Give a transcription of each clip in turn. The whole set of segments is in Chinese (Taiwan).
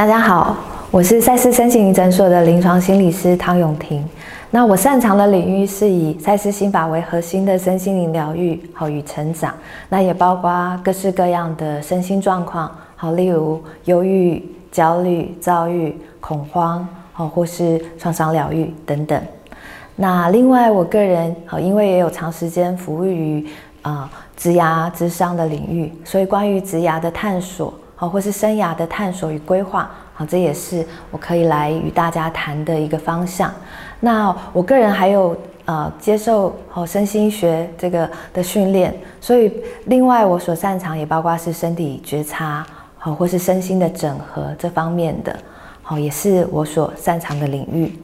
大家好，我是賽斯身心靈診所的臨床心理師湯詠婷。那我擅長的領域是以賽斯心法為核心的身心靈療癒，好與成長。那也包括各式各樣的身心狀況，好例如憂鬱、焦慮、躁鬱、恐慌，好或是創傷療癒等等。那另外，我個人好因為也有長時間服務於啊職涯、職傷的領域，所以關於職涯的探索，或是生涯的探索與規劃，好，這也是我可以來與大家談的一個方向。那我個人還有呃，接受身心學這個的訓練，所以另外我所擅長也包括是身體覺察，或是身心的整合這方面的，也是我所擅長的領域。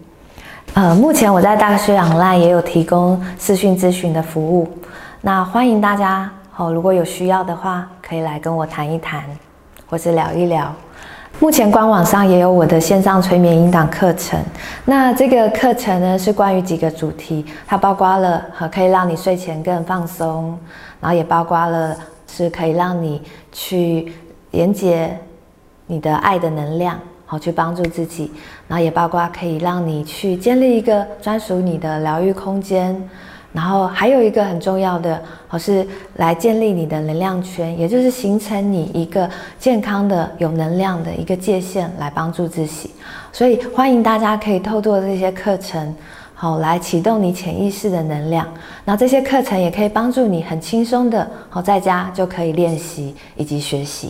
呃，目前我在大學 online 也有提供視訊諮詢的服務，那歡迎大家如果有需要的話，可以來跟我談一談，或是聊一聊，目前官網上也有我的線上催眠引導課程。那這個課程呢，是關於幾個主題，它包括了可以讓你睡前更放鬆，然後也包括了是可以讓你去連接你的愛的能量，好去幫助自己，然後也包括可以讓你去建立一個專屬你的療癒空間。然後還有一個很重要的，好是來建立你的能量圈，也就是形成你一個健康的、有能量的一個界限，來幫助自己。所以歡迎大家可以透過這些課程，好來啟動你潛意識的能量。那這些課程也可以幫助你很輕鬆的，好在家就可以練習以及學習。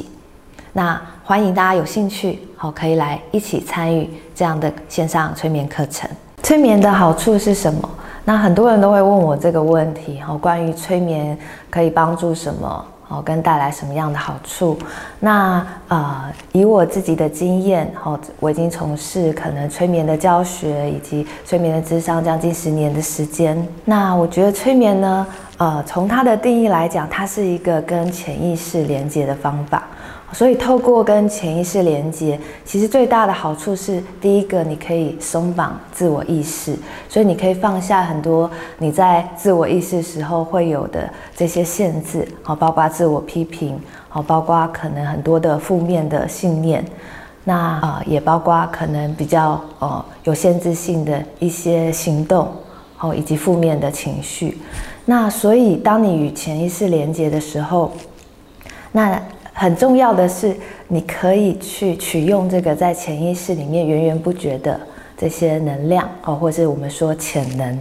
那歡迎大家有興趣，好可以來一起參與這樣的線上催眠課程。催眠的好處是什麼？那很多人都會問我這個問題，哦，關於催眠可以幫助什麼，哦，跟帶來什麼樣的好處？那呃，以我自己的經驗，哦，我已經從事可能催眠的教學以及催眠的治療將近十年的時間。那我覺得催眠呢，呃，從它的定義來講，它是一個跟潛意識連接的方法。所以，透過跟潛意識連接，其實最大的好處是，第一個，你可以鬆綁自我意識，所以你可以放下很多你在自我意識時候會有的這些限制，好，包括自我批評，好，包括可能很多的負面的信念，那啊，也包括可能比較哦有限制性的一些行動，好，以及負面的情緒。那所以，當你與潛意識連接的時候，那。很重要的是，你可以去取用這個在潛意識裡面源源不絕的這些能量哦，或是我們說潛能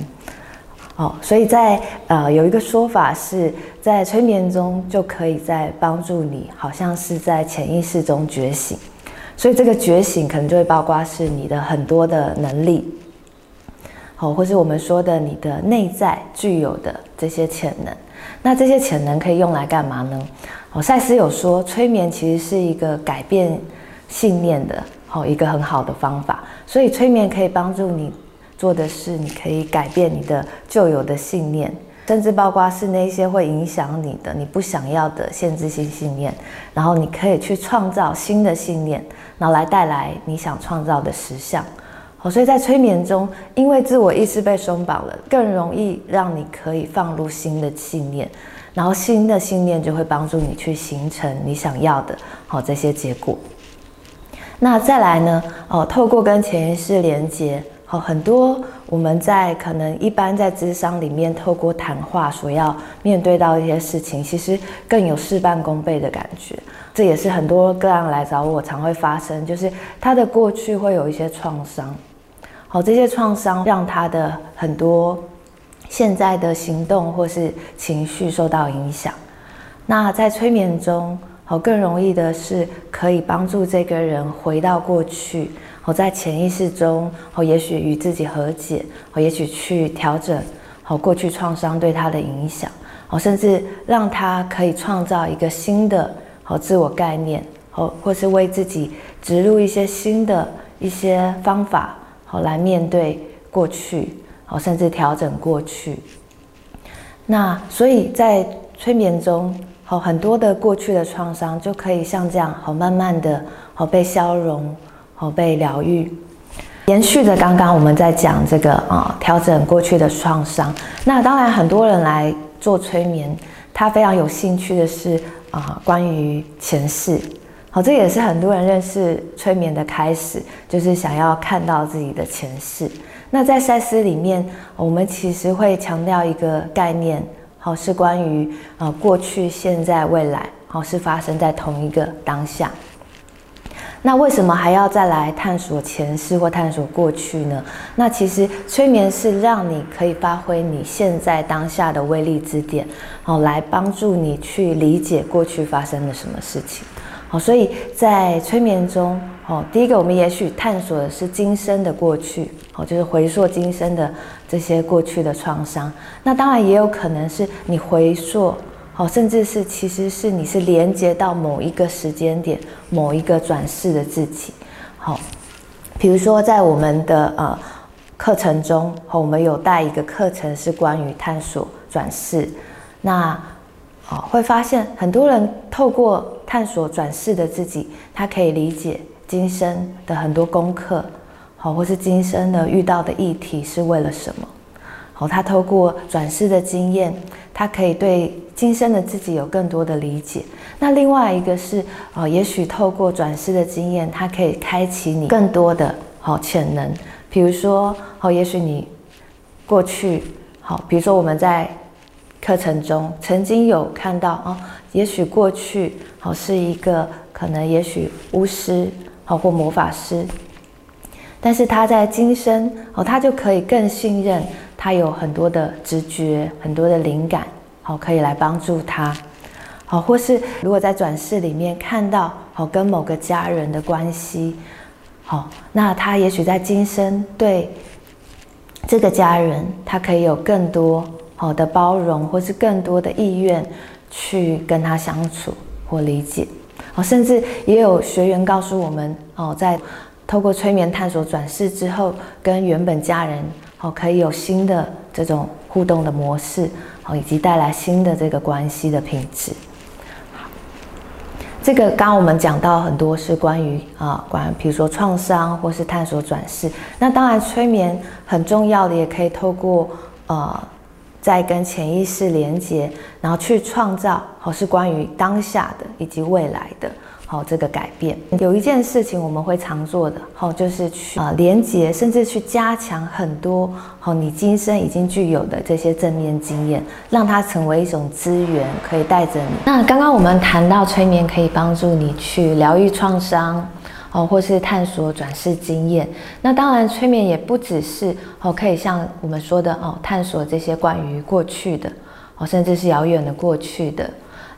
哦。所以在呃有一個說法是在催眠中就可以在幫助你，好像是在潛意識中覺醒，所以這個覺醒可能就會包括是你的很多的能力哦，或是我們說的你的內在具有的這些潛能。那這些潛能可以用來幹嘛呢？我賽斯有說，催眠其實是一個改變信念的好一個很好的方法。所以，催眠可以幫助你做的是，你可以改變你的舊有的信念，甚至包括是那些會影響你的、你不想要的限制性信念。然後，你可以去創造新的信念，然後來帶來你想創造的實相。所以在催眠中，因為自我意識被鬆綁了，更容易讓你可以放入新的信念。然後新的信念就會幫助你去形成你想要的，好、哦、這些結果。那再來呢？哦，透過跟潛意識連接，好、哦、很多我們在可能一般在諮商裡面透過談話所要面對到一些事情，其實更有事半功倍的感覺。這也是很多個案來找我常會發生，就是他的過去會有一些創傷，好、哦，這些創傷讓他的很多。現在的行動或是情緒受到影響，那在催眠中，哦，更容易的是可以幫助這個人回到過去，哦，在潛意識中，哦，也許與自己和解，哦，也許去調整，哦，過去創傷對他的影響，哦，甚至讓他可以創造一個新的哦，自我概念，哦，或是為自己植入一些新的一些方法，哦，來面對過去。好，甚至調整過去。那所以，在催眠中，好很多的過去的創傷就可以像這樣，好慢慢的，好被消融，好被療癒。延續着剛剛我們在講這個啊，調整過去的創傷。那當然，很多人來做催眠，他非常有興趣的是啊，關於前世。好，啊，這也是很多人認識催眠的開始，就是想要看到自己的前世。那在賽斯裡面，我們其實會強調一個概念，好，是關於呃過去、現在、未來，好，是發生在同一個當下。那為什麼還要再來探索前世或探索過去呢？那其實催眠是讓你可以發揮你現在當下的威力之點，好，來幫助你去理解過去發生了什麼事情。好，所以在催眠中。哦，第一個我們也許探索的是今生的過去，哦，就是回溯今生的這些過去的創傷。那當然也有可能是你回溯，哦，甚至是其實是你是連接到某一個時間點、某一個轉世的自己。好，比如說在我們的呃課程中，哦，我們有帶一個課程是關於探索轉世。那，哦，會發現很多人透過探索轉世的自己，他可以理解。今生的很多功課，好，或是今生的遇到的議題是為了什麼？好，他透過轉世的經驗，他可以對今生的自己有更多的理解。那另外一個是，哦，也許透過轉世的經驗，它可以開啟你更多的好潛能。比如說，哦，也許你過去，好，比如說我們在課程中曾經有看到，哦，也許過去好是一個可能，也許巫師。好，或魔法師，但是他在今生哦，他就可以更信任，他有很多的直覺，很多的靈感，好，可以來幫助他。好，或是如果在轉世裡面看到，好，跟某個家人的關係，好，那他也許在今生對這個家人，他可以有更多好的包容，或是更多的意願去跟他相處或理解。甚至也有學員告訴我們，哦，在透過催眠探索轉世之後，跟原本家人，哦，可以有新的這種互動的模式，哦，以及帶來新的這個關係的品質。好，這個剛剛我們講到很多是關於啊，關於比如說創傷或是探索轉世，那當然催眠很重要的，也可以透過啊、呃。在跟潛意識連接，然後去創造，好、哦、是關於當下的以及未來的，好、哦、這個改變。有一件事情我們會常做的，好、哦、就是去啊、呃、連接，甚至去加強很多好、哦、你今生已經具有的這些正面經驗，讓它成為一種資源，可以帶着你。那剛剛我們談到催眠可以幫助你去療癒創傷。哦，或是探索轉世經驗，那當然，催眠也不只是哦，可以像我們說的哦，探索這些關於過去的哦，甚至是遙遠的過去的，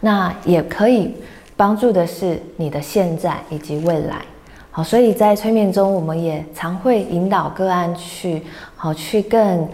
那也可以幫助的是你的現在以及未來。好，所以在催眠中，我們也常會引導個案去，好，去更。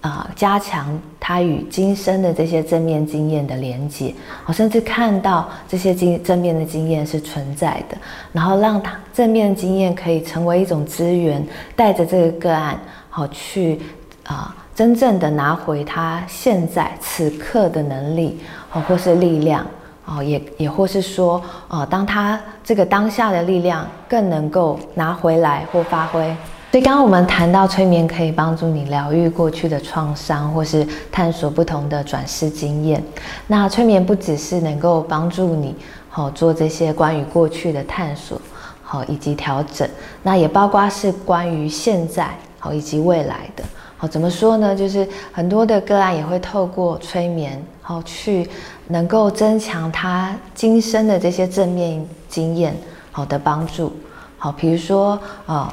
啊、呃，加強他與今生的這些正面經驗的連接，好，甚至看到這些經正面的經驗是存在的，然後讓他正面經驗可以成為一種資源，帶着這個個案，好去啊、呃，真正的拿回他現在此刻的能力，哦，或是力量，哦，也也或是說，哦，當他這個當下的力量更能夠拿回來或發揮。所以剛剛我們談到催眠可以幫助你療癒過去的創傷，或是探索不同的轉世經驗。那催眠不只是能夠幫助你好、哦、做這些關於過去的探索，好、哦、以及調整，那也包括是關於現在好、哦、以及未來的。好、哦、怎麼說呢？就是很多的個案也會透過催眠好、哦、去能夠增強他今生的這些正面經驗，好、哦、的幫助。好、哦，比如說啊。哦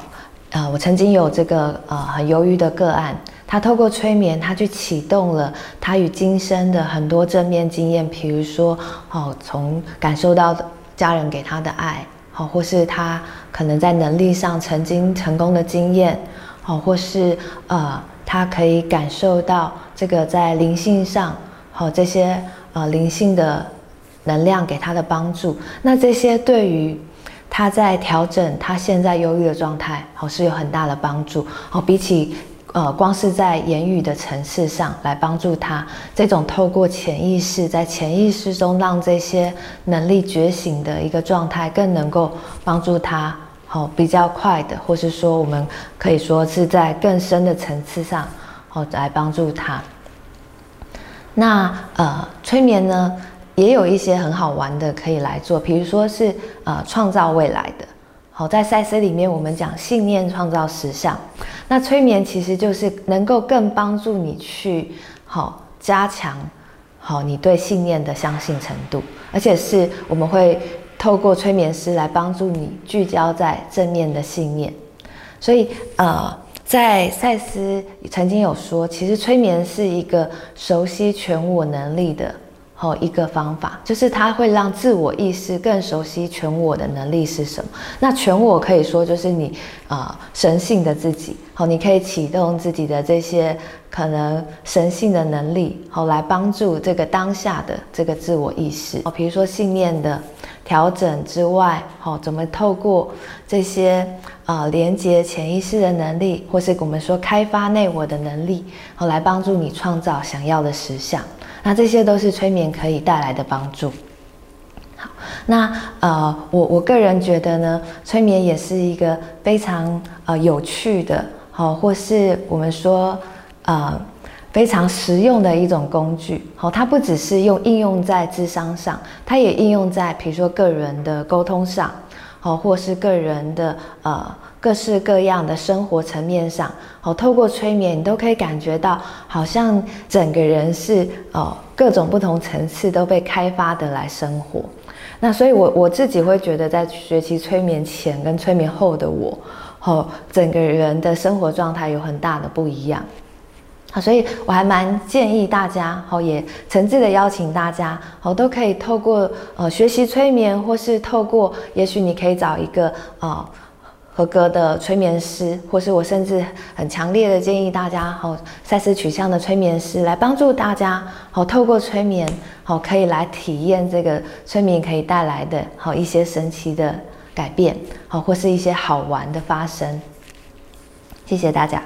啊、呃，我曾經有這個呃很憂鬱的個案，他透過催眠，他去啟動了他與今生的很多正面經驗，比如說，哦，從感受到家人給他的愛，好、哦，或是他可能在能力上曾經成功的經驗，好、哦，或是呃他可以感受到這個在靈性上，好、哦、這些呃靈性的能量給他的幫助，那這些對於，他在調整他現在憂鬱的狀態，好是有很大的幫助。好，比起，呃，光是在言語的層次上來幫助他，這種透過潛意識，在潛意識中讓這些能力覺醒的一個狀態，更能夠幫助他好，哦，比較快的，或是說我們可以說是在更深的層次上好，哦，來幫助他。那呃，催眠呢，也有一些很好玩的可以來做，比如說是呃創造未來的。好、哦，在賽斯裡面我們講信念創造實相，那催眠其實就是能夠更幫助你去好、哦、加強好、哦、你對信念的相信程度，而且是我們會透過催眠師來幫助你聚焦在正面的信念。所以呃，在賽斯曾經有說，其實催眠是一個熟悉全我能力的。哦，一個方法就是它會讓自我意識更熟悉全我的能力是什麼。那全我可以說就是你啊、呃、神性的自己。好、哦，你可以啟動自己的這些可能神性的能力，好、哦、來幫助這個當下的這個自我意識。哦，比如說信念的調整之外，好、哦、怎麼透過這些啊、呃、連接潛意識的能力，或是我們說開發內我的能力，好、哦、來幫助你創造想要的實相。那這些都是催眠可以帶來的幫助。好，那呃，我我個人覺得呢，催眠也是一個非常呃有趣的，好、呃，或是我們說呃非常實用的一種工具。好、呃，它不只是用應用在諮商上，它也應用在比如說個人的溝通上，好、呃，或是個人的呃。各式各樣的生活層面上，好，透過催眠，你都可以感覺到，好像整個人是各種不同層次都被開發的來生活。那所以我，我我自己會覺得，在學習催眠前跟催眠後的我，好，整個人的生活狀態有很大的不一樣。好，所以我還蠻建議大家，好，也誠摯的邀請大家，好，都可以透過呃學習催眠，或是透過，也許你可以找一個啊。合格的催眠師，或是我甚至很強烈的建議大家，好、哦、賽斯取向的催眠師來幫助大家，好、哦、透過催眠，好、哦、可以來體驗這個催眠可以帶來的好、哦、一些神奇的改變，好、哦、或是一些好玩的發生。謝謝大家。